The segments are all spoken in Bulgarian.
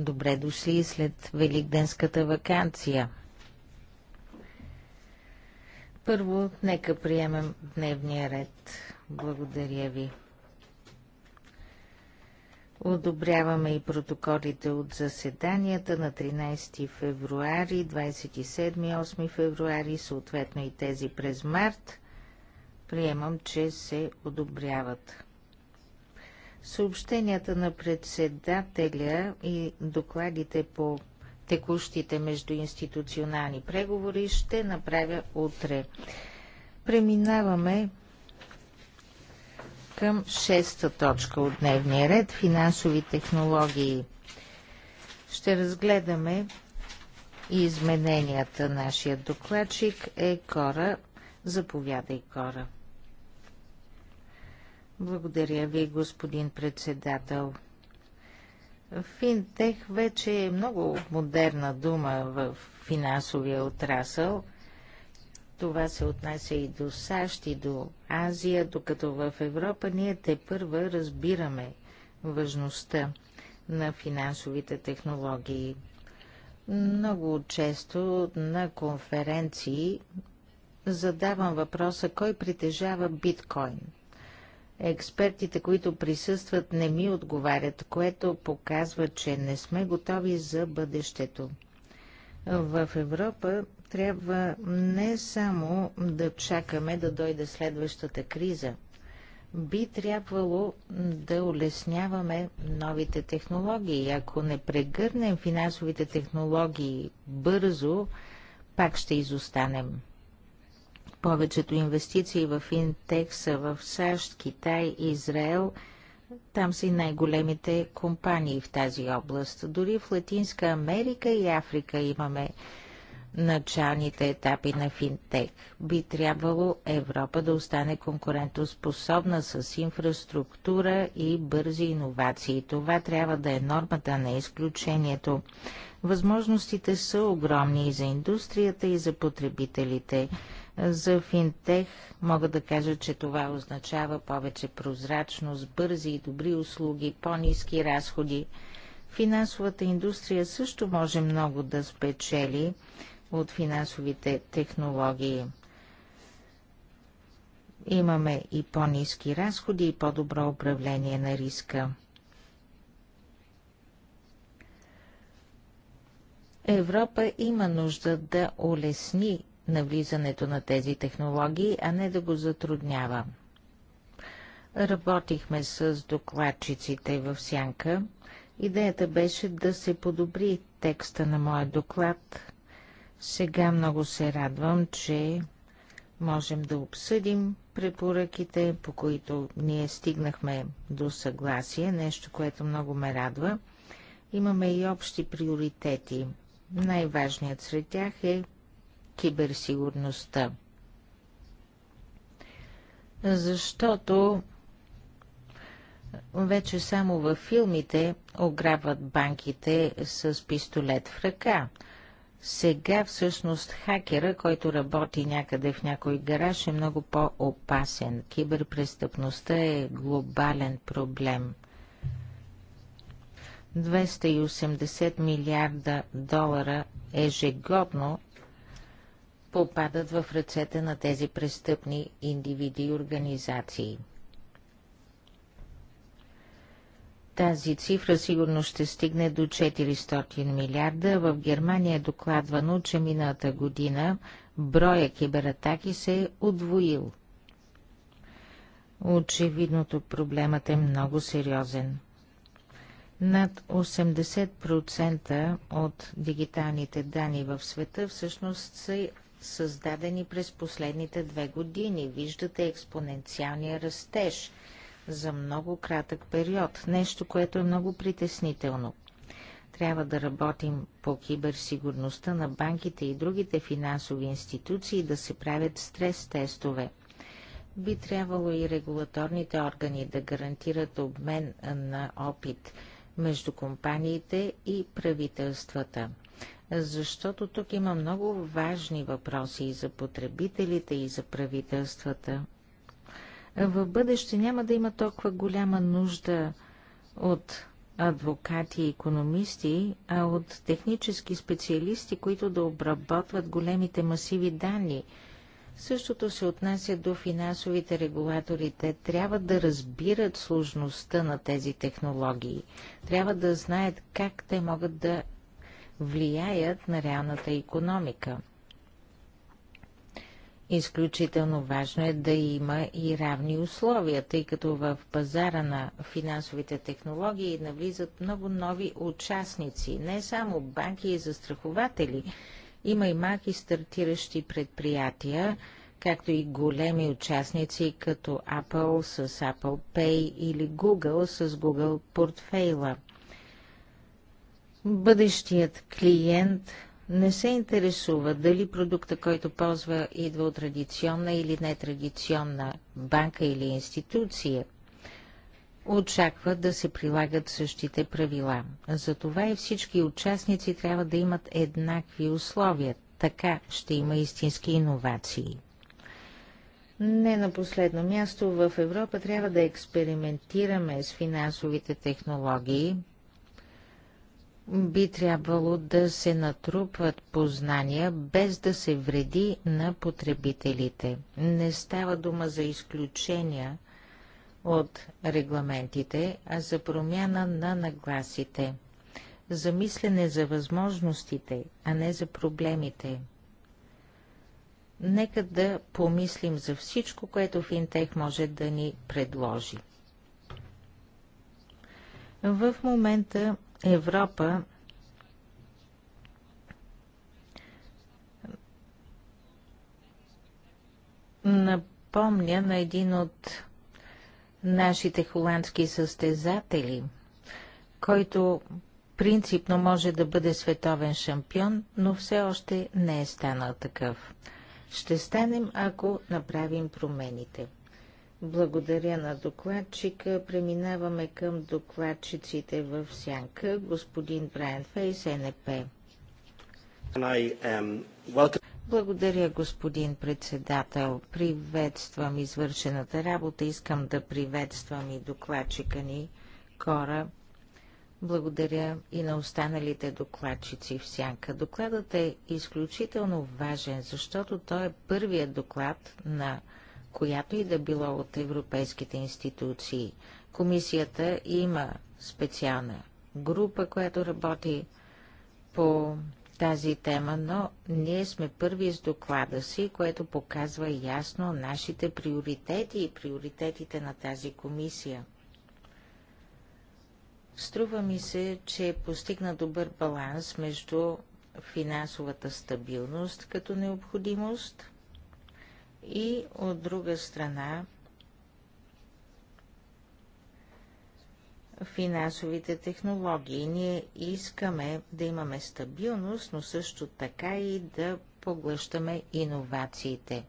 Добре дошли след Великденската вакансия. Първо, нека приемем дневния ред. Благодаря ви. Одобряваме и протоколите от заседанията на 13 февруари, 27-8 февруари, съответно и тези през март. Приемам, че се одобряват. Съобщенията на председателя и докладите по текущите междуинституционални преговори ще направя утре. Преминаваме към шеста точка от дневния ред – финансови технологии. Ще разгледаме и измененията. Нашия докладчик е Кора. Заповядай, Кора. Благодаря ви, господин председател. Финтех вече е много модерна дума в финансовия отрасъл. Това се отнася и до САЩ, и до Азия, докато в Европа ние те първа разбираме важността на финансовите технологии. Много често на конференции задавам въпроса, кой притежава биткоин експертите, които присъстват, не ми отговарят, което показва, че не сме готови за бъдещето. В Европа трябва не само да чакаме да дойде следващата криза. Би трябвало да улесняваме новите технологии. Ако не прегърнем финансовите технологии бързо, пак ще изостанем. Повечето инвестиции в Интек са в САЩ, Китай, и Израел. Там са и най-големите компании в тази област. Дори в Латинска Америка и Африка имаме началните етапи на финтех. Би трябвало Европа да остане конкурентоспособна с инфраструктура и бързи иновации. Това трябва да е нормата на изключението. Възможностите са огромни и за индустрията, и за потребителите. За финтех мога да кажа, че това означава повече прозрачност, бързи и добри услуги, по-низки разходи. Финансовата индустрия също може много да спечели от финансовите технологии. Имаме и по-низки разходи и по-добро управление на риска. Европа има нужда да улесни на влизането на тези технологии, а не да го затруднява. Работихме с докладчиците в Сянка. Идеята беше да се подобри текста на моя доклад. Сега много се радвам, че можем да обсъдим препоръките, по които ние стигнахме до съгласие, нещо, което много ме радва. Имаме и общи приоритети. Най-важният сред тях е киберсигурността. Защото вече само във филмите ограбват банките с пистолет в ръка. Сега всъщност хакера, който работи някъде в някой гараж, е много по-опасен. Киберпрестъпността е глобален проблем. 280 милиарда долара ежегодно попадат в ръцете на тези престъпни индивиди и организации. Тази цифра сигурно ще стигне до 400 милиарда. В Германия е докладвано, че миналата година броя кибератаки се е удвоил. Очевидно проблемът е много сериозен. Над 80% от дигиталните данни в света всъщност са създадени през последните две години. Виждате експоненциалния растеж за много кратък период. Нещо, което е много притеснително. Трябва да работим по киберсигурността на банките и другите финансови институции да се правят стрес-тестове. Би трябвало и регулаторните органи да гарантират обмен на опит между компаниите и правителствата защото тук има много важни въпроси и за потребителите, и за правителствата. В бъдеще няма да има толкова голяма нужда от адвокати и економисти, а от технически специалисти, които да обработват големите масиви данни. Същото се отнася до финансовите регулатори. Те трябва да разбират сложността на тези технологии. Трябва да знаят как те могат да влияят на реалната економика. Изключително важно е да има и равни условия, тъй като в пазара на финансовите технологии навлизат много нови участници, не само банки и застрахователи. Има и малки стартиращи предприятия, както и големи участници, като Apple с Apple Pay или Google с Google портфейла – бъдещият клиент не се интересува дали продукта, който ползва, идва от традиционна или нетрадиционна банка или институция. Очаква да се прилагат същите правила. Затова и всички участници трябва да имат еднакви условия. Така ще има истински иновации. Не на последно място в Европа трябва да експериментираме с финансовите технологии, би трябвало да се натрупват познания, без да се вреди на потребителите. Не става дума за изключения от регламентите, а за промяна на нагласите, за мислене за възможностите, а не за проблемите. Нека да помислим за всичко, което Финтех може да ни предложи. В момента Европа напомня на един от нашите холандски състезатели, който принципно може да бъде световен шампион, но все още не е станал такъв. Ще станем, ако направим промените – благодаря на докладчика. Преминаваме към докладчиците в сянка. Господин Брайан Фейс, НП. Um, Благодаря, господин председател. Приветствам извършената работа. Искам да приветствам и докладчика ни, Кора. Благодаря и на останалите докладчици в сянка. Докладът е изключително важен, защото той е първият доклад на която и да било от европейските институции. Комисията има специална група, която работи по тази тема, но ние сме първи с доклада си, което показва ясно нашите приоритети и приоритетите на тази комисия. Струва ми се, че постигна добър баланс между финансовата стабилност като необходимост – и от друга страна финансовите технологии. Ние искаме да имаме стабилност, но също така и да поглъщаме иновациите.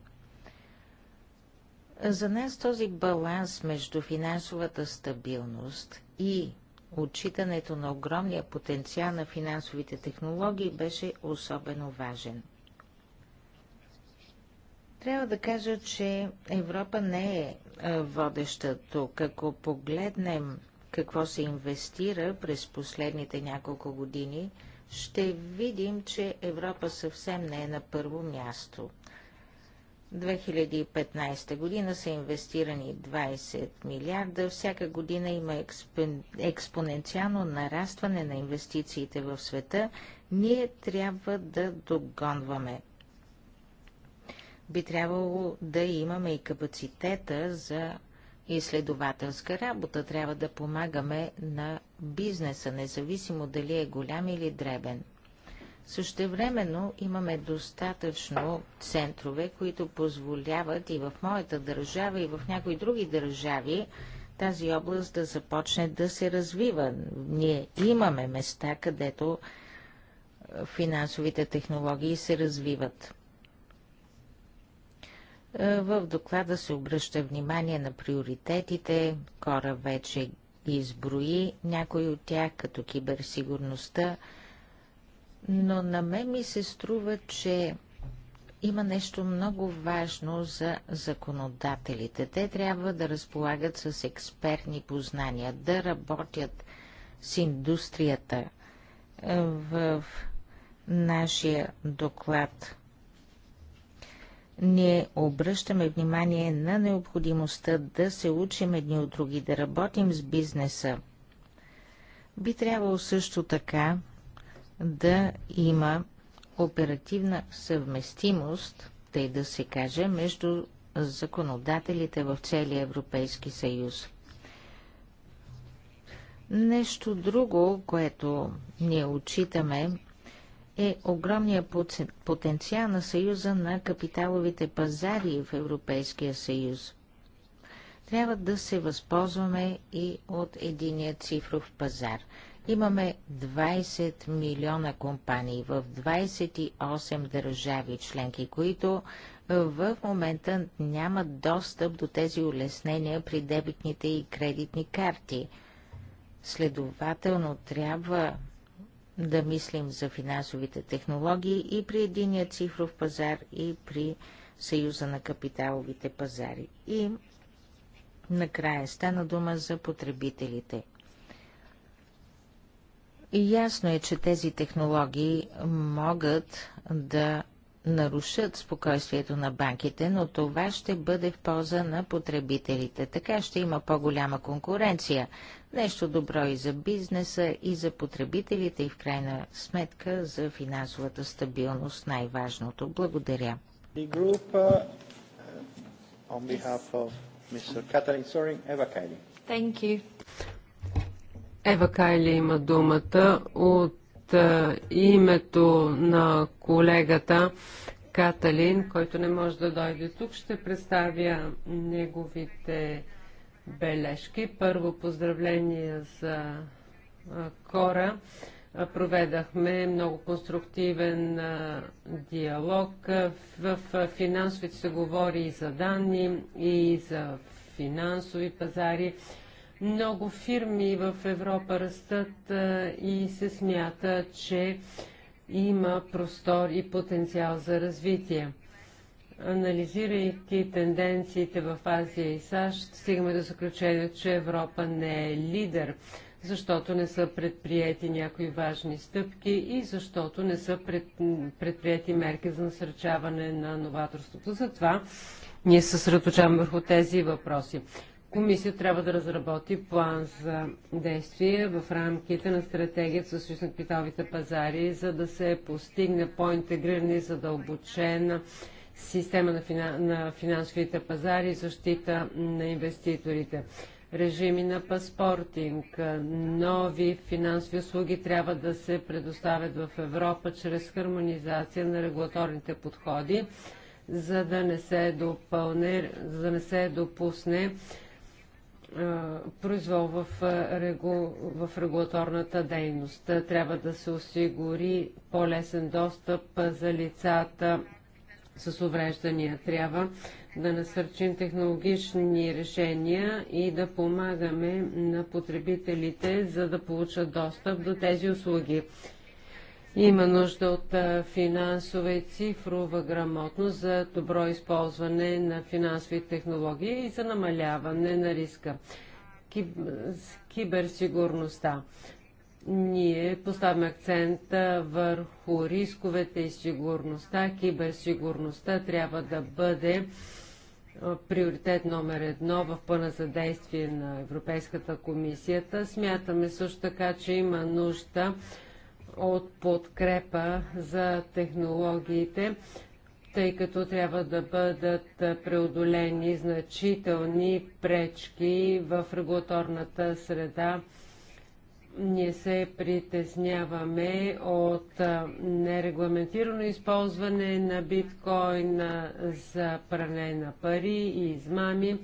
За нас този баланс между финансовата стабилност и отчитането на огромния потенциал на финансовите технологии беше особено важен. Трябва да кажа, че Европа не е, е водеща тук. Ако погледнем какво се инвестира през последните няколко години, ще видим, че Европа съвсем не е на първо място. 2015 година са инвестирани 20 милиарда. Всяка година има експоненциално нарастване на инвестициите в света. Ние трябва да догонваме би трябвало да имаме и капацитета за изследователска работа. Трябва да помагаме на бизнеса, независимо дали е голям или дребен. Същевременно имаме достатъчно центрове, които позволяват и в моята държава, и в някои други държави тази област да започне да се развива. Ние имаме места, където финансовите технологии се развиват. Е, в доклада се обръща внимание на приоритетите, Кора вече ги изброи, някои от тях като киберсигурността, но на мен ми се струва, че има нещо много важно за законодателите. Те трябва да разполагат с експертни познания, да работят с индустрията. Е, в нашия доклад ние обръщаме внимание на необходимостта да се учим едни от други, да работим с бизнеса. Би трябвало също така да има оперативна съвместимост, тъй да се каже, между законодателите в целия Европейски съюз. Нещо друго, което ние отчитаме е огромният потенциал на Съюза на капиталовите пазари в Европейския съюз. Трябва да се възползваме и от единия цифров пазар. Имаме 20 милиона компании в 28 държави членки, които в момента нямат достъп до тези улеснения при дебитните и кредитни карти. Следователно трябва да мислим за финансовите технологии и при единия цифров пазар и при Съюза на капиталовите пазари. И накрая стана дума за потребителите. И ясно е, че тези технологии могат да нарушат спокойствието на банките, но това ще бъде в полза на потребителите. Така ще има по-голяма конкуренция. Нещо добро и за бизнеса, и за потребителите, и в крайна сметка за финансовата стабилност най-важното. Благодаря. Uh, Ева Кайли има думата от от името на колегата Каталин, който не може да дойде тук. Ще представя неговите бележки. Първо поздравление за Кора. Проведахме много конструктивен диалог. В финансовите се говори и за данни, и за финансови пазари много фирми в Европа растат а, и се смята, че има простор и потенциал за развитие. Анализирайки тенденциите в Азия и САЩ, стигаме до заключение, че Европа не е лидер, защото не са предприяти някои важни стъпки и защото не са пред, предприяти мерки за насърчаване на новаторството. Затова ние се съсредоточаваме върху тези въпроси. Комисия трябва да разработи план за действие в рамките на стратегията с съюз на пазари, за да се постигне по-интегрирана и задълбочена система на, финан... на финансовите пазари и защита на инвеститорите. Режими на паспортинг, нови финансови услуги трябва да се предоставят в Европа чрез хармонизация на регулаторните подходи, за да не се, допълне, за да не се допусне е, произвол в, е, регу... в регулаторната дейност. Е, трябва да се осигури по-лесен достъп за лицата с увреждания. Трябва да насърчим технологични решения и да помагаме на потребителите, за да получат достъп до тези услуги. Има нужда от финансова и цифрова грамотност за добро използване на финансови технологии и за намаляване на риска. Киберсигурността. Ние поставяме акцента върху рисковете и сигурността. Киберсигурността трябва да бъде приоритет номер едно в плана за действие на Европейската комисията. Смятаме също така, че има нужда от подкрепа за технологиите, тъй като трябва да бъдат преодолени значителни пречки в регулаторната среда. Ние се притесняваме от нерегламентирано използване на биткоин за пране на пари и измами,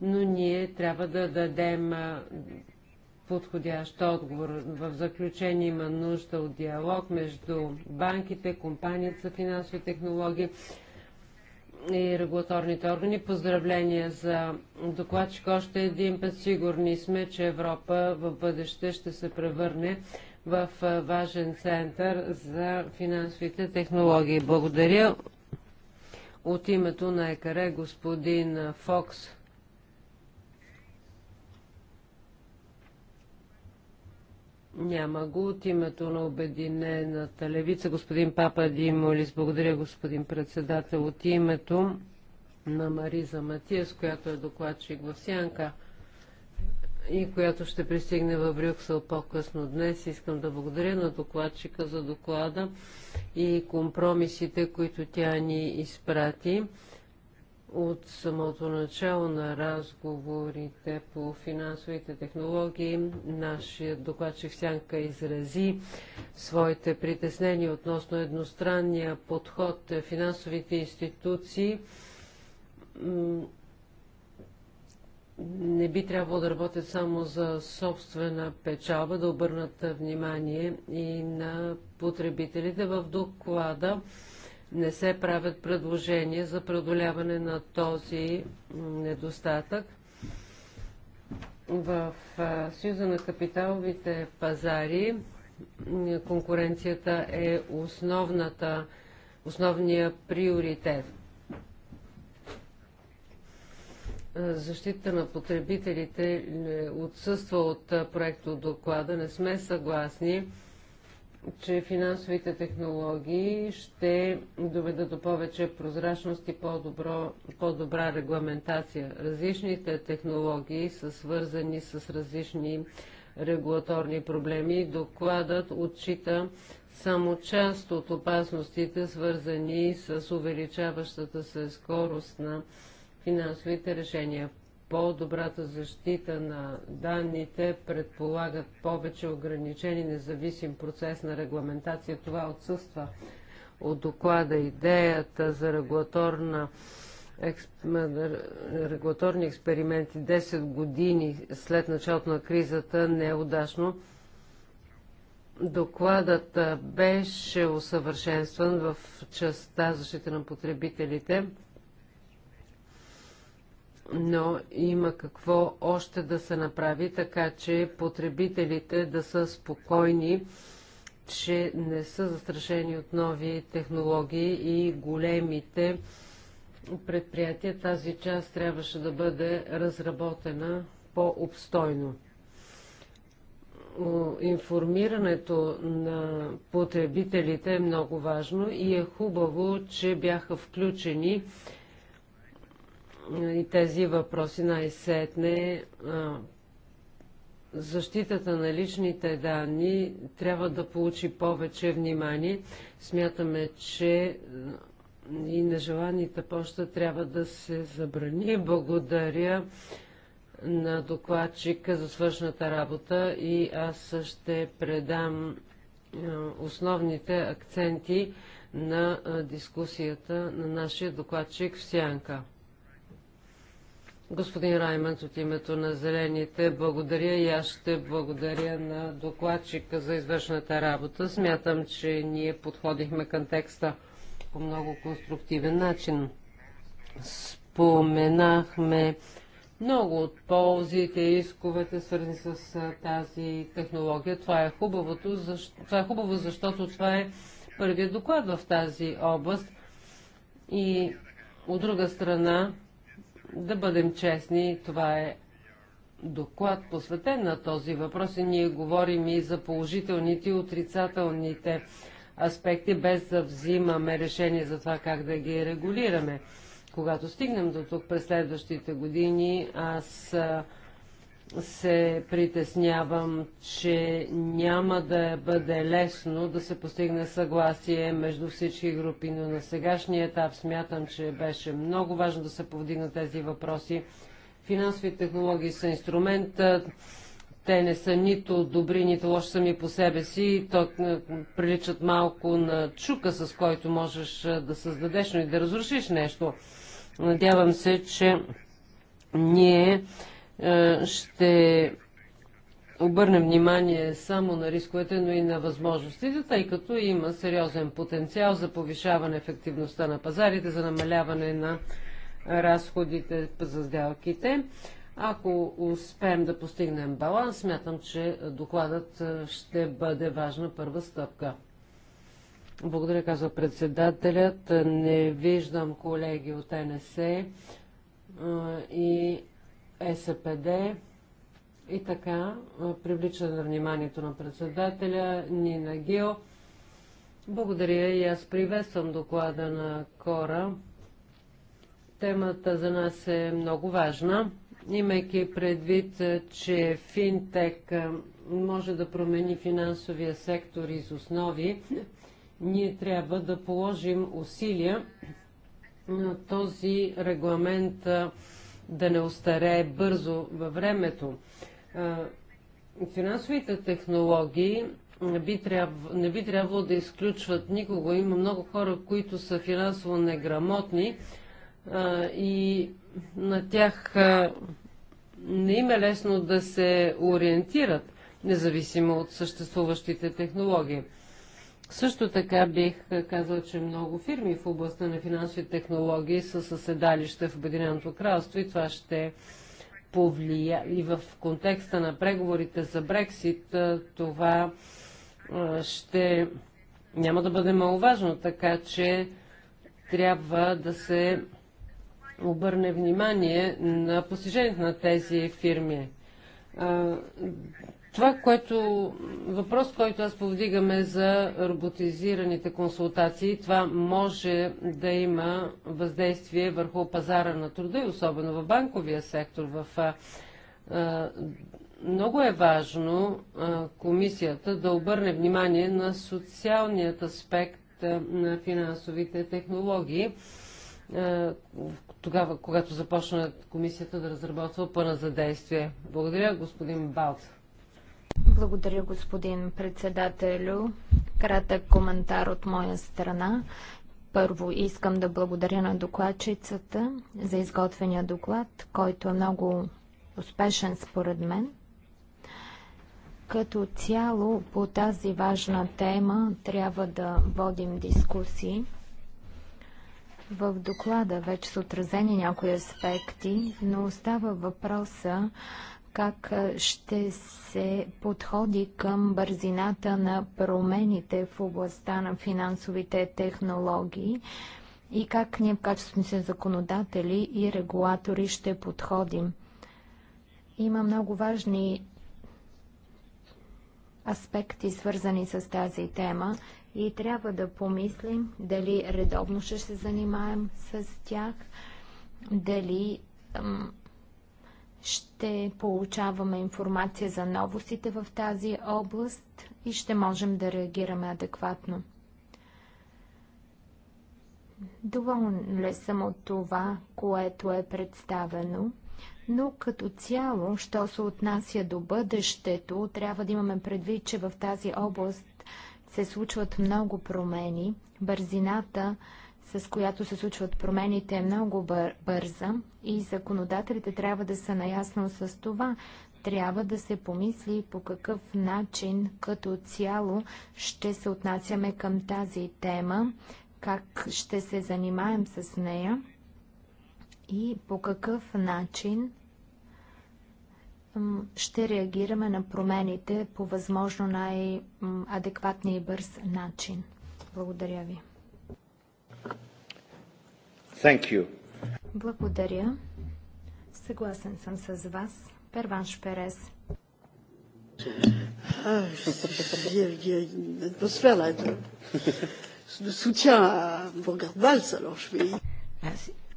но ние трябва да дадем подходящ отговор. В заключение има нужда от диалог между банките, компанията за финансови технологии и регулаторните органи. Поздравления за докладчик. Още един път сигурни сме, че Европа в бъдеще ще се превърне в важен център за финансовите технологии. Благодаря. От името на ЕКАРЕ господин Фокс. Няма го. От името на Обединената левица, господин Папа Димолис, благодаря господин председател. От името на Мариза Матиас, която е докладчик в Сянка и която ще пристигне в Брюксел по-късно днес. Искам да благодаря на докладчика за доклада и компромисите, които тя ни изпрати. От самото начало на разговорите по финансовите технологии, нашия докладчик Сянка изрази своите притеснения относно едностранния подход финансовите институции не би трябвало да работят само за собствена печалба, да обърнат внимание и на потребителите. В доклада не се правят предложения за преодоляване на този недостатък. В Съюза на капиталовите пазари конкуренцията е основната, основния приоритет. Защита на потребителите е, отсъства от проекто доклада. Не сме съгласни че финансовите технологии ще доведат до повече прозрачност и по-добро, по-добра регламентация. Различните технологии са свързани с различни регулаторни проблеми. Докладът отчита само част от опасностите, свързани с увеличаващата се скорост на финансовите решения. По-добрата защита на данните предполагат повече ограничени независим процес на регламентация. Това отсъства от доклада идеята за регулаторна регулаторни експерименти 10 години след началото на кризата не е удачно. Докладът беше усъвършенстван в частта защита на потребителите но има какво още да се направи, така че потребителите да са спокойни, че не са застрашени от нови технологии и големите предприятия. Тази част трябваше да бъде разработена по-обстойно. Информирането на потребителите е много важно и е хубаво, че бяха включени и тези въпроси най-сетне защитата на личните данни трябва да получи повече внимание. Смятаме, че и нежеланите поща трябва да се забрани. Благодаря на докладчика за свършната работа и аз ще предам основните акценти на дискусията на нашия докладчик в Сянка. Господин Райманс от името на Зелените, благодаря и аз ще благодаря на докладчика за извършната работа. Смятам, че ние подходихме към текста по много конструктивен начин. Споменахме много от ползите и исковете, свързани с тази технология. Това е, хубавото, защ... това е хубаво, защото това е първият доклад в тази област. И от друга страна, да бъдем честни, това е доклад посветен на този въпрос и ние говорим и за положителните и отрицателните аспекти, без да взимаме решение за това как да ги регулираме. Когато стигнем до тук през следващите години, аз се притеснявам, че няма да бъде лесно да се постигне съгласие между всички групи, но на сегашния етап смятам, че беше много важно да се повдигнат тези въпроси. Финансови технологии са инструмент, те не са нито добри, нито лоши сами по себе си, то приличат малко на чука, с който можеш да създадеш, но и да разрушиш нещо. Надявам се, че ние е, ще обърнем внимание само на рисковете, но и на възможностите, тъй като има сериозен потенциал за повишаване ефективността на пазарите, за намаляване на разходите за сделките. Ако успеем да постигнем баланс, смятам, че докладът е, ще бъде важна първа стъпка. Благодаря, казва председателят. Не виждам колеги от НСЕ и СПД и така привлича на вниманието на председателя Нина Гил. Благодаря и аз приветствам доклада на Кора. Темата за нас е много важна, имайки предвид, че финтек може да промени финансовия сектор из основи, ние трябва да положим усилия на този регламент да не остарее бързо във времето. Финансовите технологии не би, трябвало, не би трябвало да изключват никого. Има много хора, които са финансово неграмотни и на тях не им е лесно да се ориентират, независимо от съществуващите технологии. Също така бих казал, че много фирми в областта на финансови технологии са със седалище в Обединеното кралство и това ще повлия и в контекста на преговорите за Брексит това ще няма да бъде важно, така че трябва да се обърне внимание на постижението на тези фирми. Това, което, въпрос, който аз повдигаме за роботизираните консултации, това може да има въздействие върху пазара на труда и особено в банковия сектор. В, много е важно комисията да обърне внимание на социалният аспект на финансовите технологии тогава, когато започна комисията да разработва пъна за действие. Благодаря, господин Балц. Благодаря, господин председателю. Кратък коментар от моя страна. Първо искам да благодаря на докладчицата за изготвения доклад, който е много успешен според мен. Като цяло по тази важна тема трябва да водим дискусии. В доклада вече са отразени някои аспекти, но остава въпроса как ще се подходи към бързината на промените в областта на финансовите технологии и как ние в качеството си законодатели и регулатори ще подходим. Има много важни аспекти, свързани с тази тема и трябва да помислим дали редовно ще се занимаем с тях, дали ще получаваме информация за новостите в тази област и ще можем да реагираме адекватно. Доволен съм от това, което е представено, но като цяло, що се отнася до бъдещето, трябва да имаме предвид, че в тази област се случват много промени. Бързината с която се случват промените, е много бър бърза и законодателите трябва да са наясно с това. Трябва да се помисли по какъв начин като цяло ще се отнасяме към тази тема, как ще се занимаем с нея и по какъв начин ще реагираме на промените по възможно най-адекватния и бърз начин. Благодаря ви. Thank you. Благодаря. Съгласен съм с вас. Перванш Перес.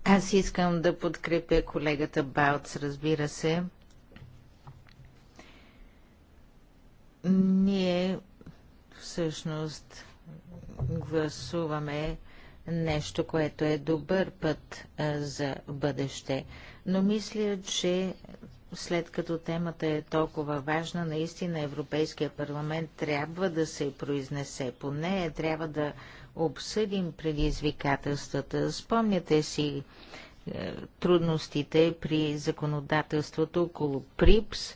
Аз искам да подкрепя колегата Балц, разбира се. Ние всъщност гласуваме нещо, което е добър път за бъдеще. Но мисля, че след като темата е толкова важна, наистина Европейския парламент трябва да се произнесе по нея, трябва да обсъдим предизвикателствата. Спомняте си е, трудностите при законодателството около ПРИПС.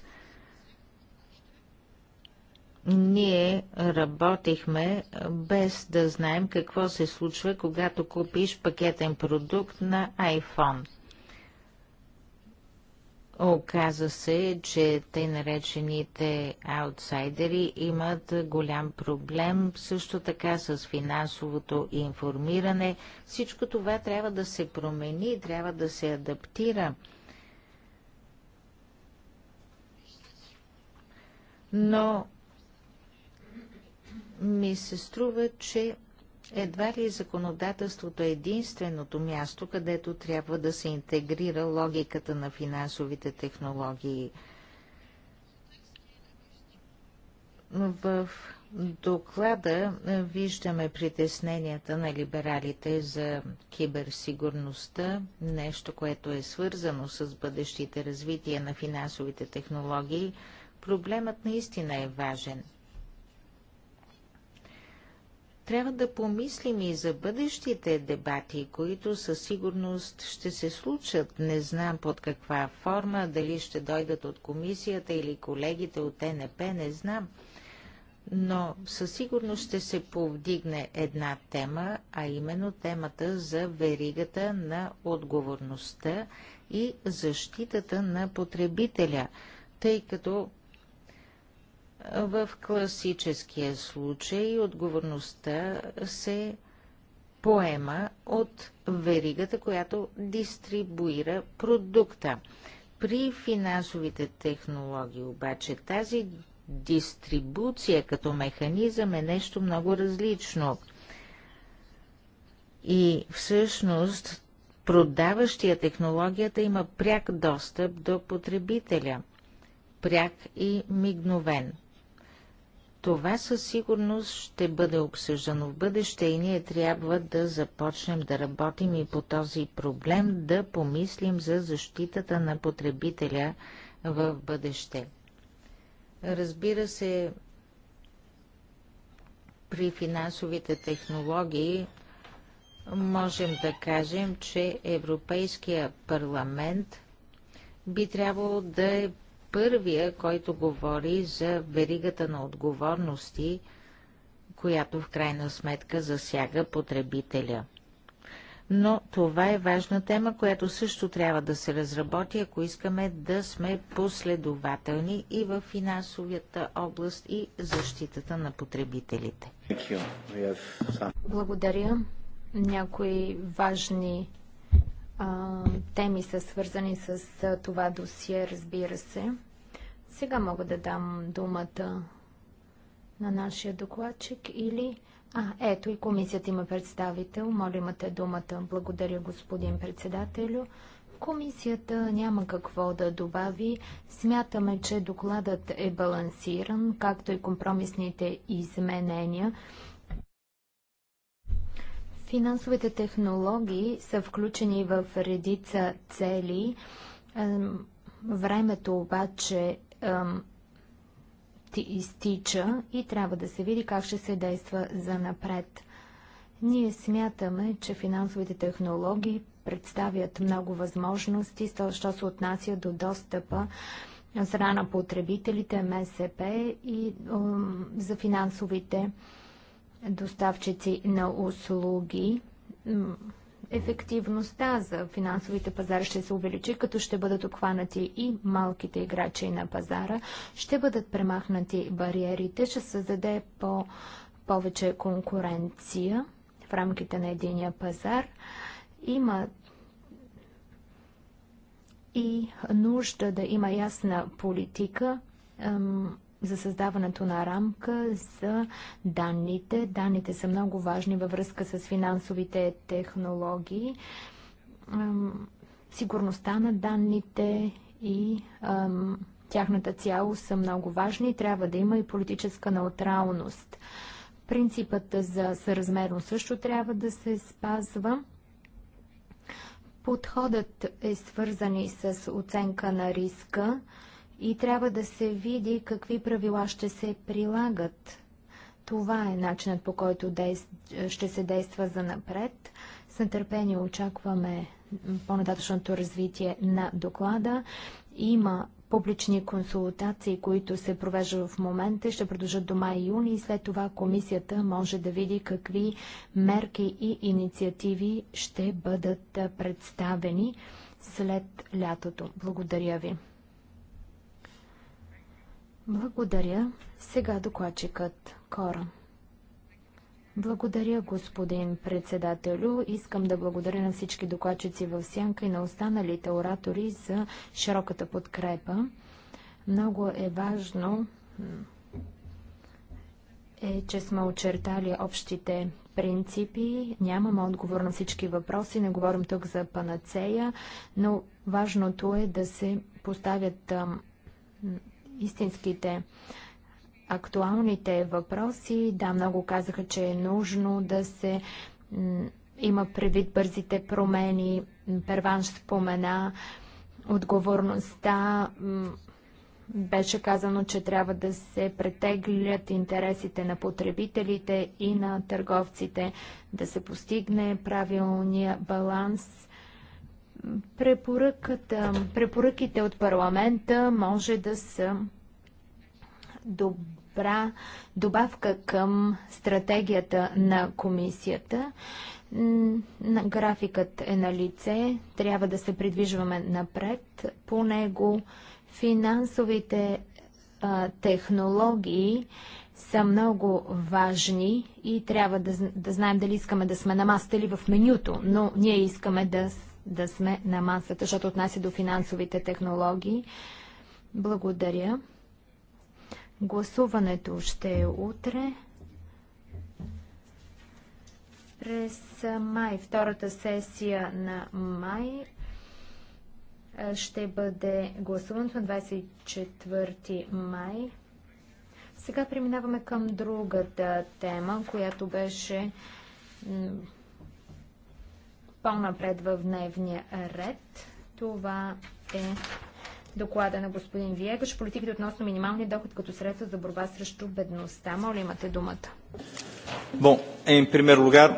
Ние работихме без да знаем какво се случва, когато купиш пакетен продукт на iPhone. Оказа се, че те наречените аутсайдери имат голям проблем също така с финансовото информиране. Всичко това трябва да се промени, трябва да се адаптира. Но ми се струва, че едва ли законодателството е единственото място, където трябва да се интегрира логиката на финансовите технологии. В доклада е, виждаме притесненията на либералите за киберсигурността, нещо, което е свързано с бъдещите развития на финансовите технологии. Проблемът наистина е важен – трябва да помислим и за бъдещите дебати, които със сигурност ще се случат. Не знам под каква форма, дали ще дойдат от комисията или колегите от НП, не знам. Но със сигурност ще се повдигне една тема, а именно темата за веригата на отговорността и защитата на потребителя, тъй като в класическия случай отговорността се поема от веригата, която дистрибуира продукта. При финансовите технологии обаче тази дистрибуция като механизъм е нещо много различно. И всъщност продаващия технологията има пряк достъп до потребителя, пряк и мигновен – това със сигурност ще бъде обсъждано в бъдеще и ние трябва да започнем да работим и по този проблем, да помислим за защитата на потребителя в бъдеще. Разбира се, при финансовите технологии можем да кажем, че Европейския парламент би трябвало да е първия, който говори за веригата на отговорности, която в крайна сметка засяга потребителя. Но това е важна тема, която също трябва да се разработи, ако искаме да сме последователни и в финансовата област и защитата на потребителите. Благодаря. Някои важни теми са свързани с това досие, разбира се. Сега мога да дам думата на нашия докладчик или... А, ето и комисията има представител. Моля, имате думата. Благодаря, господин председателю. Комисията няма какво да добави. Смятаме, че докладът е балансиран, както и компромисните изменения. Финансовите технологии са включени в редица цели. Времето обаче изтича и трябва да се види как ще се действа за напред. Ние смятаме, че финансовите технологии представят много възможности, що се отнася до достъпа от страна на потребителите, МСП и за финансовите технологии доставчици на услуги, ефективността за финансовите пазари ще се увеличи, като ще бъдат обхванати и малките играчи на пазара, ще бъдат премахнати бариерите, ще създаде по повече конкуренция в рамките на единия пазар. Има и нужда да има ясна политика за създаването на рамка за данните. Данните са много важни във връзка с финансовите технологии, сигурността на данните и тяхната цялост са много важни. Трябва да има и политическа неутралност. Принципът за съразмерно също трябва да се спазва. Подходът е свързан и с оценка на риска и трябва да се види какви правила ще се прилагат. Това е начинът по който ще се действа за напред. С нетърпение очакваме по-нататъчното развитие на доклада. Има публични консултации, които се провеждат в момента, ще продължат до май и юни и след това комисията може да види какви мерки и инициативи ще бъдат представени след лятото. Благодаря ви. Благодаря. Сега докладчикът Кора. Благодаря, господин председателю. Искам да благодаря на всички докладчици в Сянка и на останалите оратори за широката подкрепа. Много е важно е, че сме очертали общите принципи. Нямам отговор на всички въпроси, не говорим тук за панацея, но важното е да се поставят истинските актуалните въпроси. Да, много казаха, че е нужно да се има предвид бързите промени. Перванш спомена отговорността. Беше казано, че трябва да се претеглят интересите на потребителите и на търговците, да се постигне правилния баланс препоръките от парламента може да са добра добавка към стратегията на комисията. Графикът е на лице, трябва да се придвижваме напред. По него финансовите а, технологии са много важни и трябва да, да знаем дали искаме да сме на маста или в менюто, но ние искаме да да сме на масата, защото отнася до финансовите технологии. Благодаря. Гласуването ще е утре. През май, втората сесия на май ще бъде гласуването на 24 май. Сега преминаваме към другата тема, която беше по-напред в дневния ред. Това е доклада на господин Виегаш, политиките относно минималния доход като средство за борба срещу бедността. Моля, имате думата. Bom, em primeiro lugar,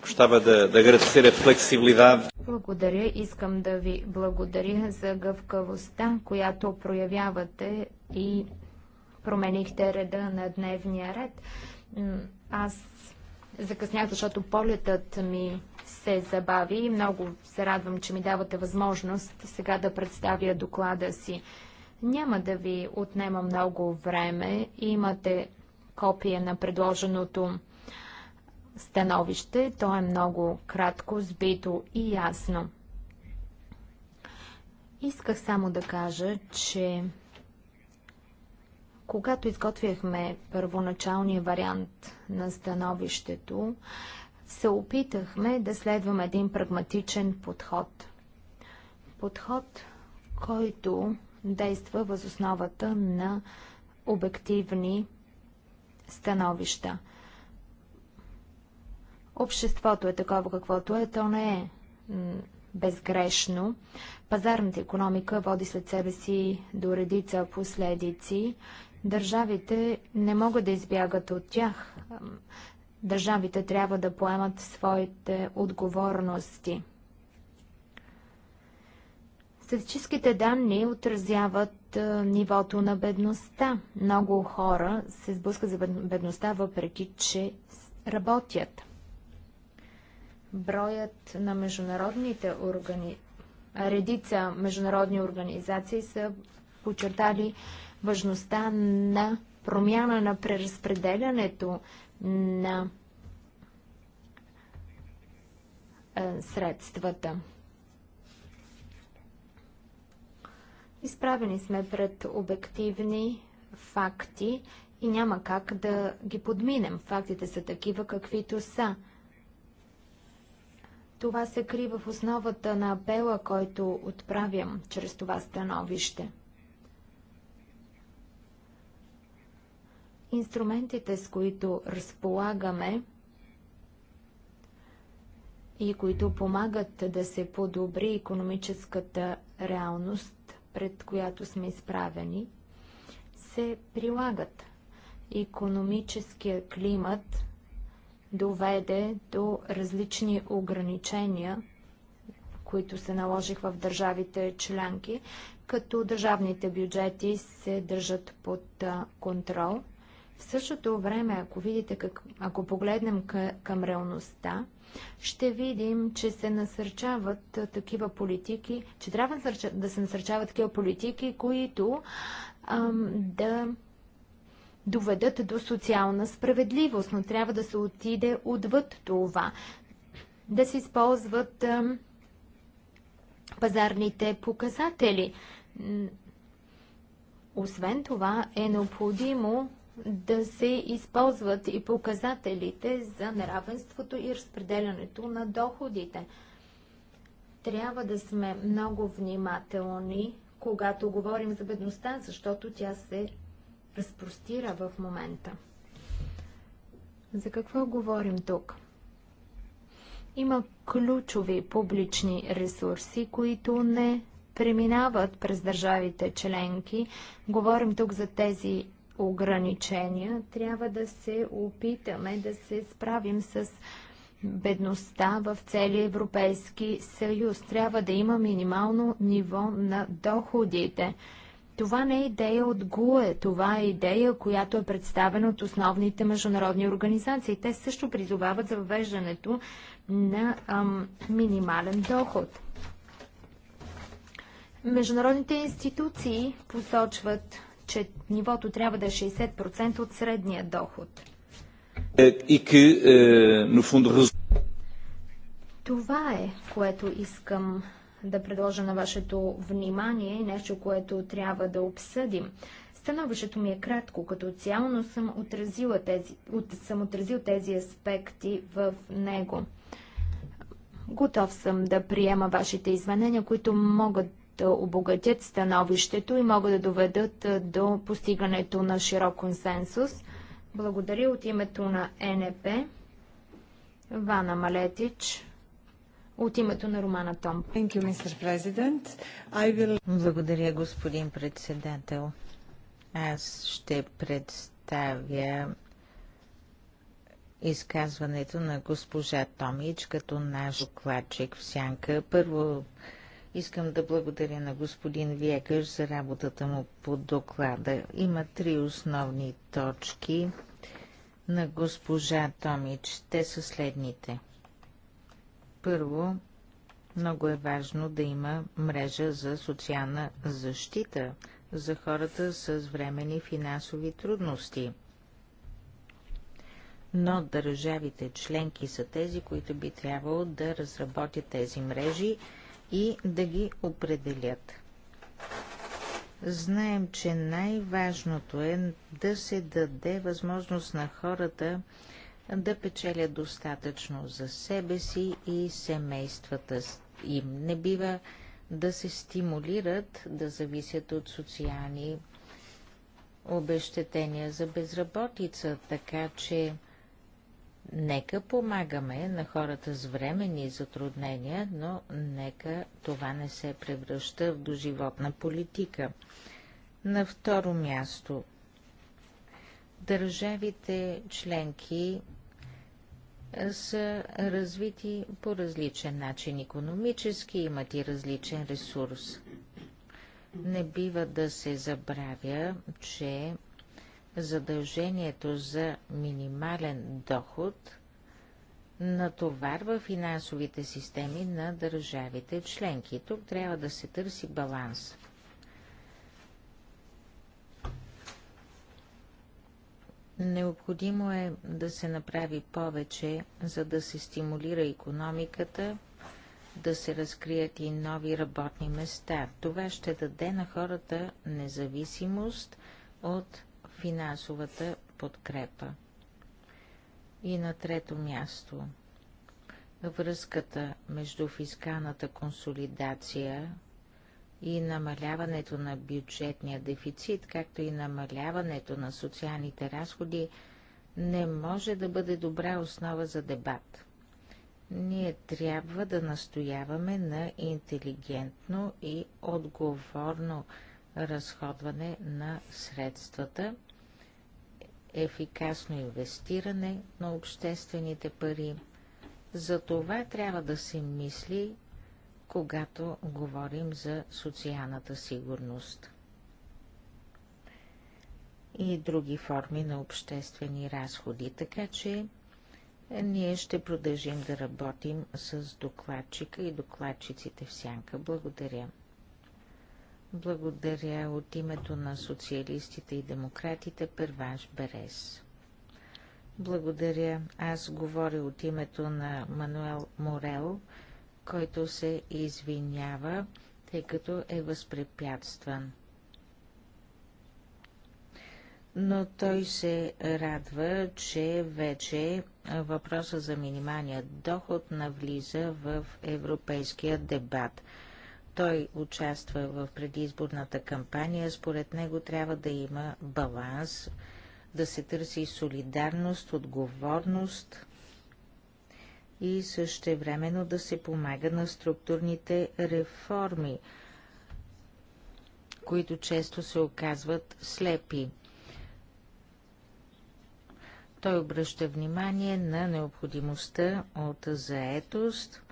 gostava de, de agradecer a flexibilidade. Благодаря. Искам да ви благодаря за гъвкавостта, която проявявате и променихте реда на дневния ред. Аз закъснях, защото полетът ми се забави и много се радвам, че ми давате възможност сега да представя доклада си. Няма да ви отнема много време. Имате копия на предложеното становище. То е много кратко, сбито и ясно. Исках само да кажа, че когато изготвяхме първоначалния вариант на становището, се опитахме да следваме един прагматичен подход. Подход, който действа въз основата на обективни становища. Обществото е такова каквото е, то не е безгрешно. Пазарната економика води след себе си до редица последици. Държавите не могат да избягат от тях. Държавите трябва да поемат своите отговорности. Статистическите данни отразяват а, е, нивото на бедността. Много хора се сблъскат за бедността, въпреки че работят. Броят на международните органи... редица международни организации са подчертали важността на промяна на преразпределянето на е, средствата. Изправени сме пред обективни факти и няма как да ги подминем. Фактите са такива, каквито са. Това се крива в основата на апела, който отправям чрез това становище – Инструментите, с които разполагаме и които помагат да се подобри економическата реалност, пред която сме изправени, се прилагат. Економическия климат доведе до различни ограничения, които се наложих в държавите членки, като държавните бюджети се държат под контрол. В същото време, ако видите, как, ако погледнем къ, към реалността, ще видим, че се насърчават такива политики, че трябва да се насърчават такива политики, които ам, да доведат до социална справедливост, но трябва да се отиде отвъд това, да се използват ам, пазарните показатели. Освен това е необходимо да се използват и показателите за неравенството и разпределянето на доходите. Трябва да сме много внимателни, когато говорим за бедността, защото тя се разпростира в момента. За какво говорим тук? Има ключови публични ресурси, които не преминават през държавите членки. Говорим тук за тези ограничения, трябва да се опитаме да се справим с бедността в целия Европейски съюз. Трябва да има минимално ниво на доходите. Това не е идея от ГУЕ, това е идея, която е представена от основните международни организации. Те също призовават за въвеждането на ам, минимален доход. Международните институции посочват че нивото трябва да е 60% от средния доход. Е, и е, но Това е, което искам да предложа на вашето внимание и нещо, което трябва да обсъдим. Становището ми е кратко, като цяло, но съм, отразила тези, от, съм отразил тези аспекти в него. Готов съм да приема вашите изменения, които могат да обогатят становището и могат да доведат до постигането на широк консенсус. Благодаря от името на НП Вана Малетич от името на Романа Том. You, will... Благодаря, господин председател. Аз ще представя изказването на госпожа Томич като наш докладчик в сянка. Първо Искам да благодаря на господин Виекър за работата му по доклада. Има три основни точки на госпожа Томич. Те са следните. Първо, много е важно да има мрежа за социална защита за хората с времени финансови трудности. Но държавите членки са тези, които би трябвало да разработят тези мрежи и да ги определят. Знаем, че най-важното е да се даде възможност на хората да печелят достатъчно за себе си и семействата им. Не бива да се стимулират да зависят от социални обещетения за безработица, така че Нека помагаме на хората с времени затруднения, но нека това не се превръща в доживотна политика. На второ място държавите членки са развити по различен начин економически, имат и различен ресурс. Не бива да се забравя, че задължението за минимален доход натоварва финансовите системи на държавите членки. Тук трябва да се търси баланс. Необходимо е да се направи повече, за да се стимулира економиката, да се разкрият и нови работни места. Това ще даде на хората независимост от финансовата подкрепа. И на трето място връзката между фискалната консолидация и намаляването на бюджетния дефицит, както и намаляването на социалните разходи, не може да бъде добра основа за дебат. Ние трябва да настояваме на интелигентно и отговорно разходване на средствата, ефикасно инвестиране на обществените пари. За това трябва да се мисли, когато говорим за социалната сигурност и други форми на обществени разходи, така че ние ще продължим да работим с докладчика и докладчиците в сянка. Благодаря. Благодаря от името на социалистите и демократите Перваш Берес. Благодаря. Аз говоря от името на Мануел Морел, който се извинява, тъй като е възпрепятстван. Но той се радва, че вече въпроса за минималния доход навлиза в европейския дебат – той участва в предизборната кампания. Според него трябва да има баланс, да се търси солидарност, отговорност и същевременно да се помага на структурните реформи, които често се оказват слепи. Той обръща внимание на необходимостта от заетост –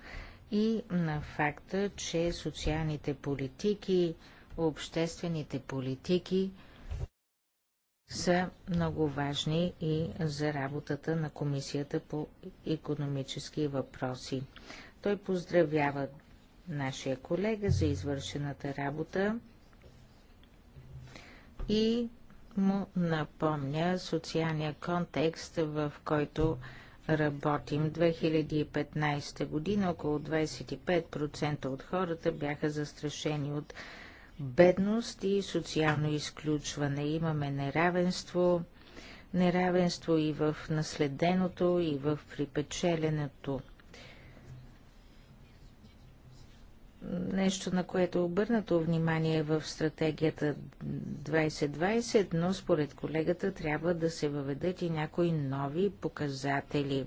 и на факта, че социалните политики, обществените политики са много важни и за работата на Комисията по економически въпроси. Той поздравява нашия колега за извършената работа и му напомня социалния контекст, в който работим. 2015 година около 25% от хората бяха застрашени от бедност и социално изключване. Имаме неравенство, неравенство и в наследеното, и в припечеленето. нещо, на което е обърнато внимание в стратегията 2020, но според колегата трябва да се въведат и някои нови показатели.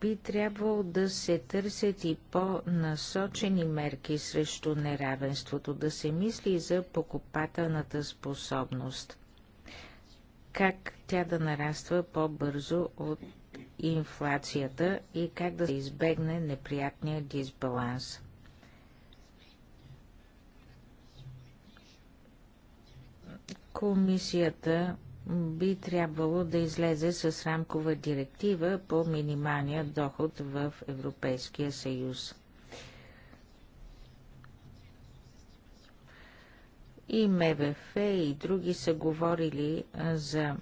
Би трябвало да се търсят и по-насочени мерки срещу неравенството, да се мисли за покупателната способност. Как тя да нараства по-бързо от инфлацията и как да се избегне неприятния дисбаланс. Комисията би трябвало да излезе с рамкова директива по минималния доход в Европейския съюз. И МВФ и други са говорили за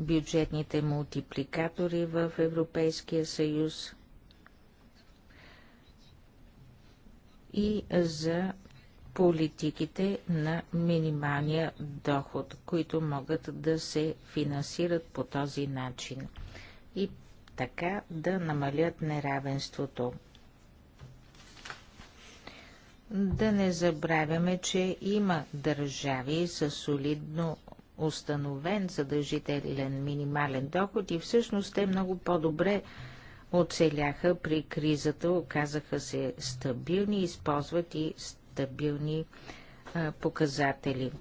бюджетните мултипликатори в Европейския съюз и за политиките на минималния доход, които могат да се финансират по този начин и така да намалят неравенството. Да не забравяме, че има държави с солидно установен задължителен минимален доход и всъщност те много по-добре оцеляха при кризата, оказаха се стабилни, използват и стабилни а, показатели.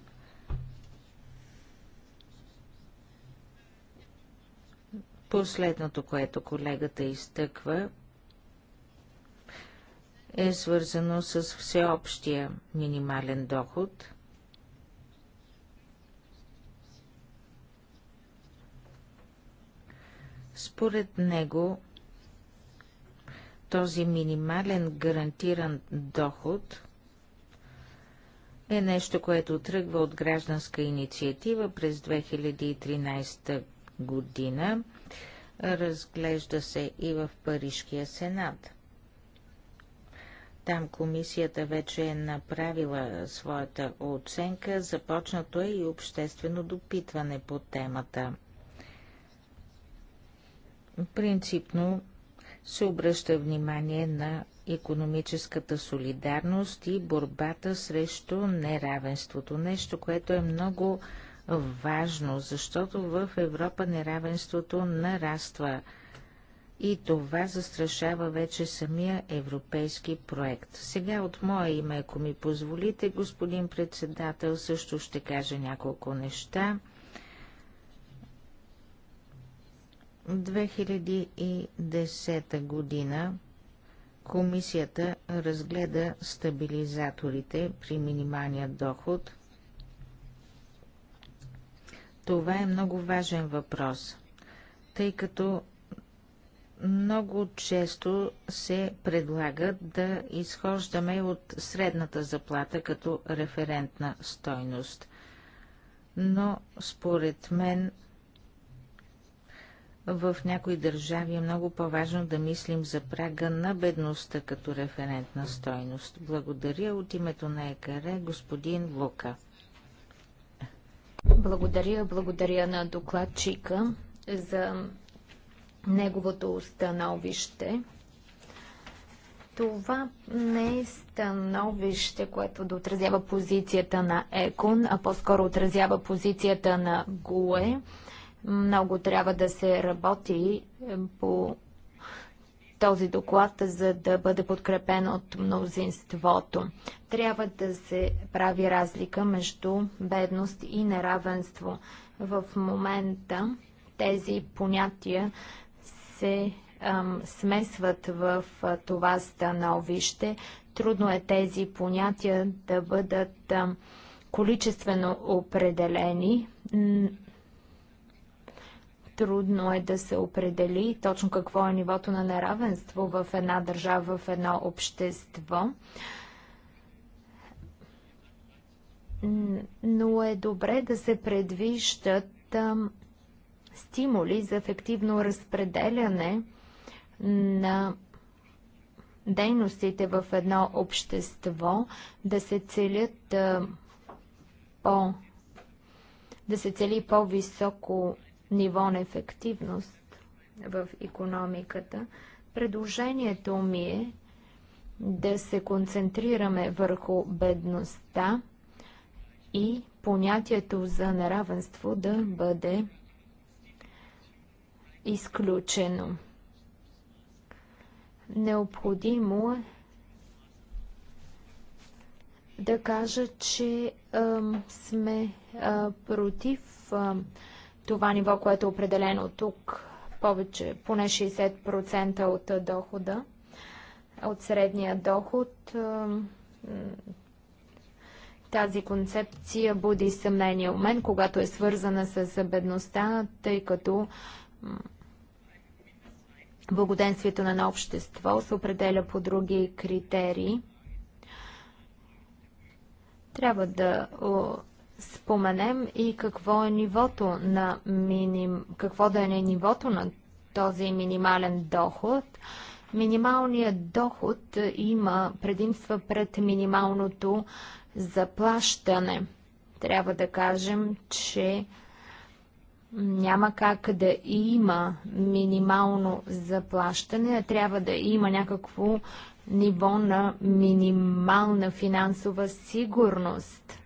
Последното, което колегата изтъква, е свързано с всеобщия минимален доход – Според него този минимален гарантиран доход е нещо, което тръгва от гражданска инициатива през 2013 година. Разглежда се и в Парижкия сенат. Там комисията вече е направила своята оценка, започнато е и обществено допитване по темата принципно се обръща внимание на економическата солидарност и борбата срещу неравенството. Нещо, което е много важно, защото в Европа неравенството нараства и това застрашава вече самия европейски проект. Сега от мое име, ако ми позволите, господин председател, също ще кажа няколко неща. 2010 година комисията разгледа стабилизаторите при минималния доход. Това е много важен въпрос, тъй като много често се предлага да изхождаме от средната заплата като референтна стойност. Но според мен в някои държави е много по-важно да мислим за прага на бедността като референтна стойност. Благодаря от името на ЕКР господин Лука. Благодаря, благодаря на докладчика за неговото становище. Това не е становище, което да отразява позицията на ЕКОН, а по-скоро отразява позицията на ГУЕ. Много трябва да се работи е, по този доклад, за да бъде подкрепен от мнозинството. Трябва да се прави разлика между бедност и неравенство. В момента тези понятия се ам, смесват в а, това становище. Трудно е тези понятия да бъдат ам, количествено определени, Трудно е да се определи точно какво е нивото на неравенство в една държава, в едно общество. Но е добре да се предвиждат стимули за ефективно разпределяне на дейностите в едно общество, да се целят по да се цели по-високо ниво на ефективност в економиката, предложението ми е да се концентрираме върху бедността и понятието за неравенство да бъде изключено. Необходимо е да кажа, че а, сме а, против а, това ниво, което е определено тук, повече, поне 60% от дохода, от средния доход. Тази концепция буди съмнение у мен, когато е свързана с бедността, тъй като благоденствието на едно общество се определя по други критерии. Трябва да споменем и какво е нивото на миним... какво да е нивото на този минимален доход. Минималният доход има предимства пред минималното заплащане. Трябва да кажем, че няма как да има минимално заплащане, а трябва да има някакво ниво на минимална финансова сигурност.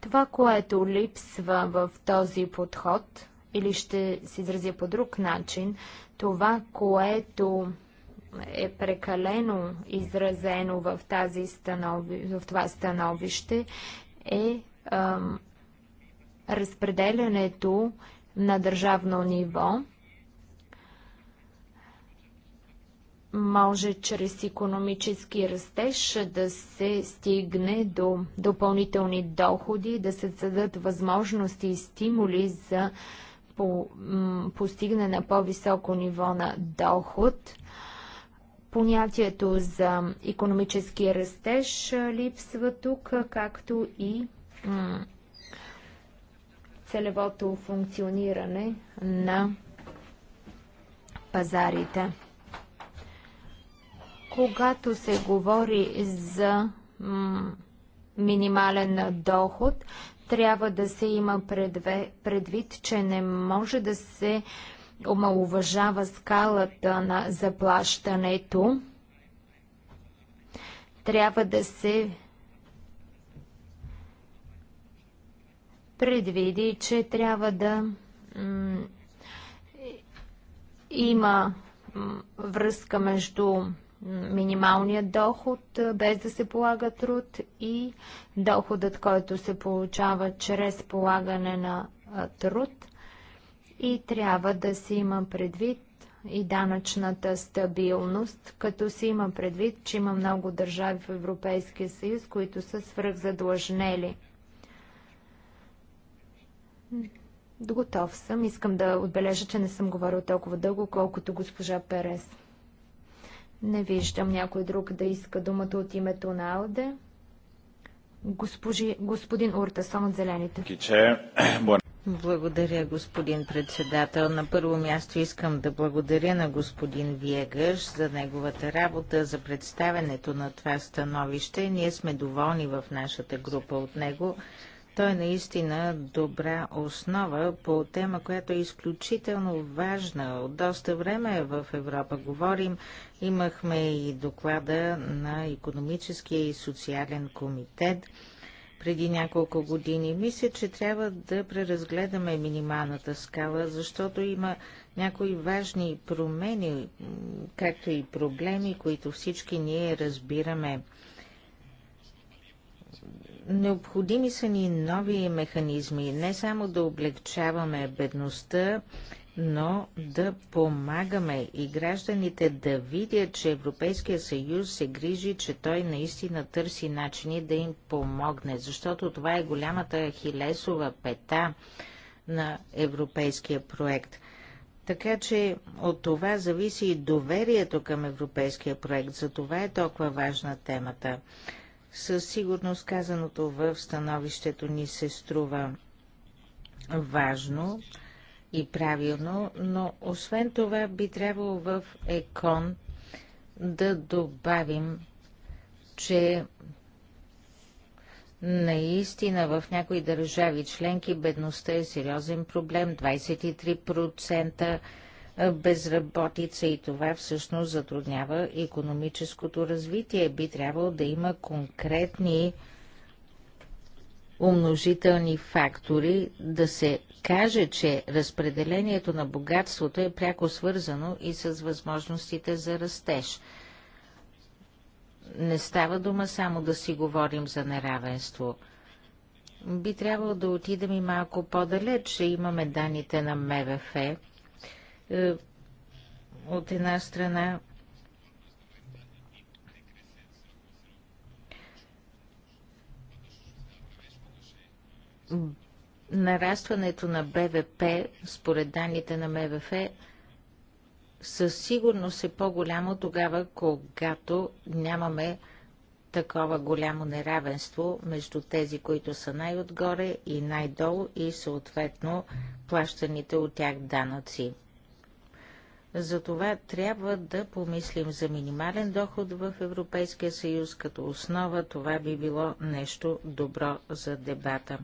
Това, което липсва в този подход, или ще се изразя по друг начин, това, което е прекалено изразено в, тази станови... в това становище, е ам, разпределянето на държавно ниво може чрез економически растеж да се стигне до допълнителни доходи, да се създадат възможности и стимули за по, постигне на по-високо ниво на доход. Понятието за економически растеж липсва тук, както и целевото функциониране на пазарите. Когато се говори за минимален доход, трябва да се има предвид, че не може да се омалуважава скалата на заплащането. Трябва да се предвиди, че трябва да има връзка между минималният доход, без да се полага труд и доходът, който се получава чрез полагане на труд. И трябва да се има предвид и данъчната стабилност, като се има предвид, че има много държави в Европейския съюз, които са свръхзадлъжнели. Готов съм. Искам да отбележа, че не съм говорил толкова дълго, колкото госпожа Перес. Не виждам някой друг да иска думата от името на Алде. Госпожи, господин Уртасон от Зелените. Благодаря, господин председател. На първо място искам да благодаря на господин Виегаш за неговата работа, за представенето на това становище. Ние сме доволни в нашата група от него. Той е наистина добра основа по тема, която е изключително важна. От доста време е в Европа говорим. Имахме и доклада на економическия и социален комитет преди няколко години. Мисля, че трябва да преразгледаме минималната скала, защото има някои важни промени, както и проблеми, които всички ние разбираме. Необходими са ни нови механизми, не само да облегчаваме бедността, но да помагаме и гражданите да видят, че Европейския съюз се грижи, че той наистина търси начини да им помогне, защото това е голямата хилесова пета на европейския проект. Така че от това зависи и доверието към европейския проект, за това е толкова важна темата. Със сигурност казаното в становището ни се струва важно и правилно, но освен това би трябвало в ЕКОН да добавим, че наистина в някои държави членки бедността е сериозен проблем. 23% безработица и това всъщност затруднява економическото развитие. Би трябвало да има конкретни умножителни фактори, да се каже, че разпределението на богатството е пряко свързано и с възможностите за растеж. Не става дума само да си говорим за неравенство. Би трябвало да отидем и малко по-далеч. Имаме данните на МВФ, е, от една страна нарастването на БВП, според данните на МВФ, със сигурност е по-голямо тогава, когато нямаме такова голямо неравенство между тези, които са най-отгоре и най-долу и съответно плащаните от тях данъци. Затова трябва да помислим за минимален доход в Европейския съюз като основа. Това би било нещо добро за дебата.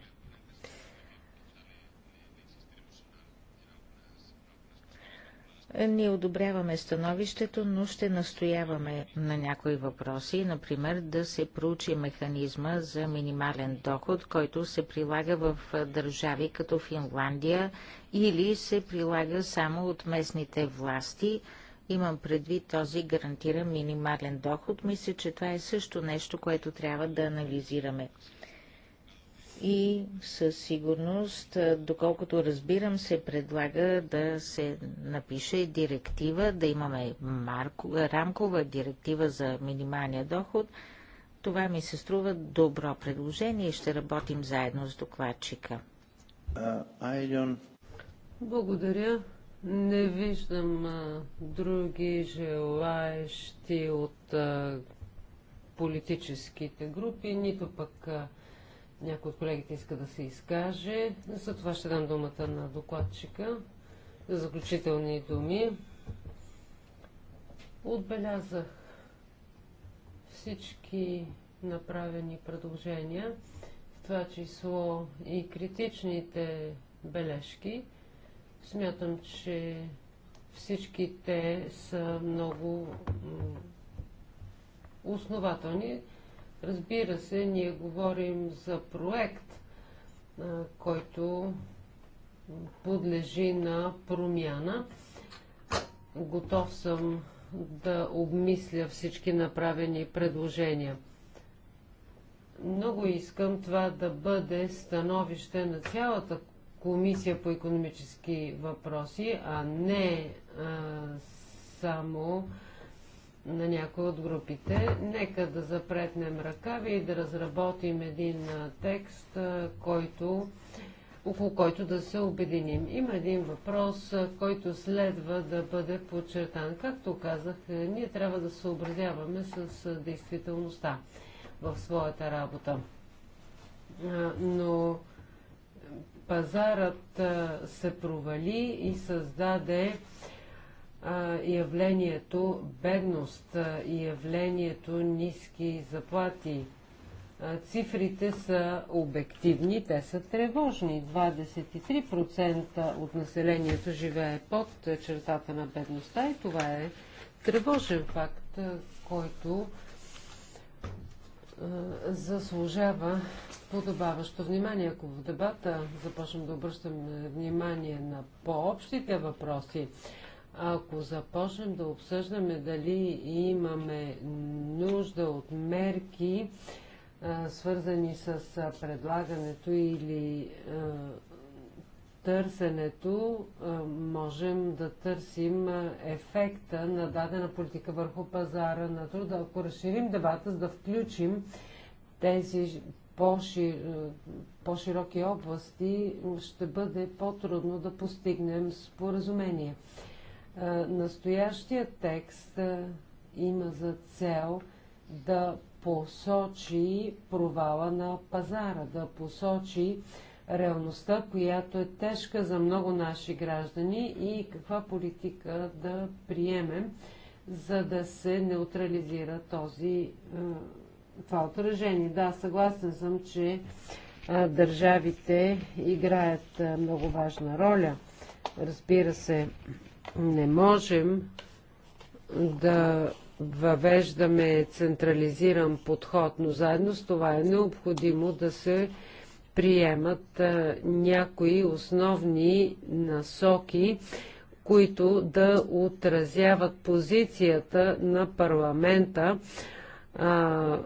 Ние одобряваме становището, но ще настояваме на някои въпроси, например да се проучи механизма за минимален доход, който се прилага в държави като Финландия или се прилага само от местните власти. Имам предвид този гарантиран минимален доход. Мисля, че това е също нещо, което трябва да анализираме и със сигурност, доколкото разбирам, се предлага да се напише директива, да имаме марко, рамкова директива за минималния доход. Това ми се струва добро предложение и ще работим заедно с докладчика. Благодаря. Не виждам а, други желаещи от а, политическите групи, нито пък а, някой от колегите иска да се изкаже. За това ще дам думата на докладчика за заключителни думи. Отбелязах всички направени предложения, в това число и критичните бележки. Смятам, че всички те са много основателни. Разбира се, ние говорим за проект, който подлежи на промяна. Готов съм да обмисля всички направени предложения. Много искам това да бъде становище на цялата комисия по економически въпроси, а не а, само на някои от групите. Нека да запретнем ръкави и да разработим един текст, който, около който да се обединим. Има един въпрос, който следва да бъде подчертан. Както казах, е, ние трябва да съобразяваме с действителността в своята работа. Но пазарът се провали и създаде явлението бедност, и явлението ниски заплати. Цифрите са обективни, те са тревожни. 23% от населението живее под чертата на бедността и това е тревожен факт, който заслужава подобаващо внимание. Ако в дебата започнем да обръщаме внимание на по-общите въпроси, ако започнем да обсъждаме дали имаме нужда от мерки, свързани с предлагането или търсенето, можем да търсим ефекта на дадена политика върху пазара на труда. Ако разширим дебата, за да включим тези по-широки области ще бъде по-трудно да постигнем споразумение. Настоящия текст има за цел да посочи провала на пазара, да посочи реалността, която е тежка за много наши граждани и каква политика да приемем, за да се неутрализира този, това отражение. Да, съгласен съм, че държавите играят много важна роля. Разбира се, не можем да въвеждаме централизиран подход, но заедно с това е необходимо да се приемат а, някои основни насоки, които да отразяват позицията на парламента а,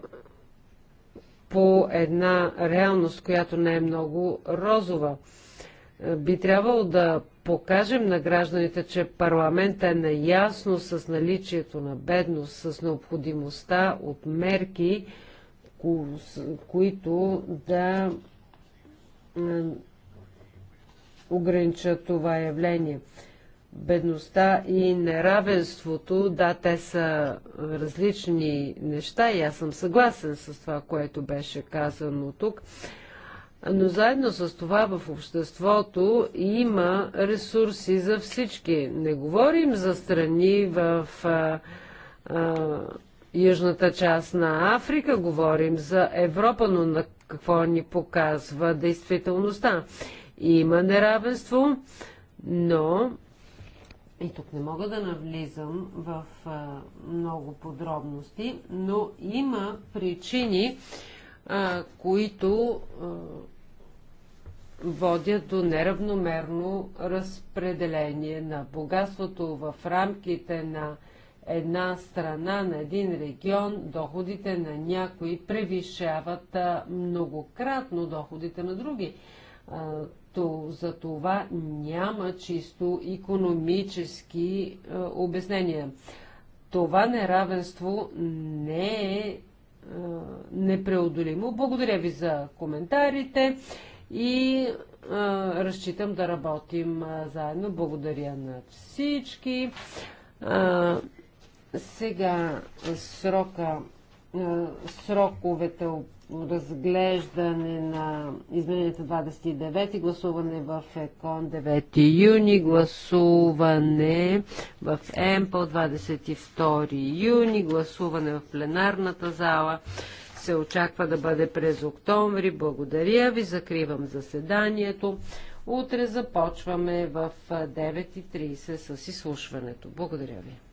по една реалност, която не е много розова. Би трябвало да покажем на гражданите, че парламента е наясно с наличието на бедност, с необходимостта от мерки, които да е, ограничат това явление. Бедността и неравенството, да, те са различни неща и аз съм съгласен с това, което беше казано тук. Но заедно с това в обществото има ресурси за всички. Не говорим за страни в а, а, южната част на Африка, говорим за Европа, но на какво ни показва действителността. Има неравенство, но и тук не мога да навлизам в а, много подробности, но има причини, а, които водят до неравномерно разпределение на богатството в рамките на една страна, на един регион, доходите на някои превишават многократно доходите на други. То, за това няма чисто економически обяснения. Това неравенство не е непреодолимо. Благодаря ви за коментарите и а, разчитам да работим а, заедно. Благодаря на всички. А, сега срока, а, сроковете разглеждане на изменението 29, гласуване в ЕКОН 9 юни, гласуване в ЕМПО 22 юни, гласуване в пленарната зала се очаква да бъде през октомври. Благодаря ви, закривам заседанието. Утре започваме в 9.30 с изслушването. Благодаря ви.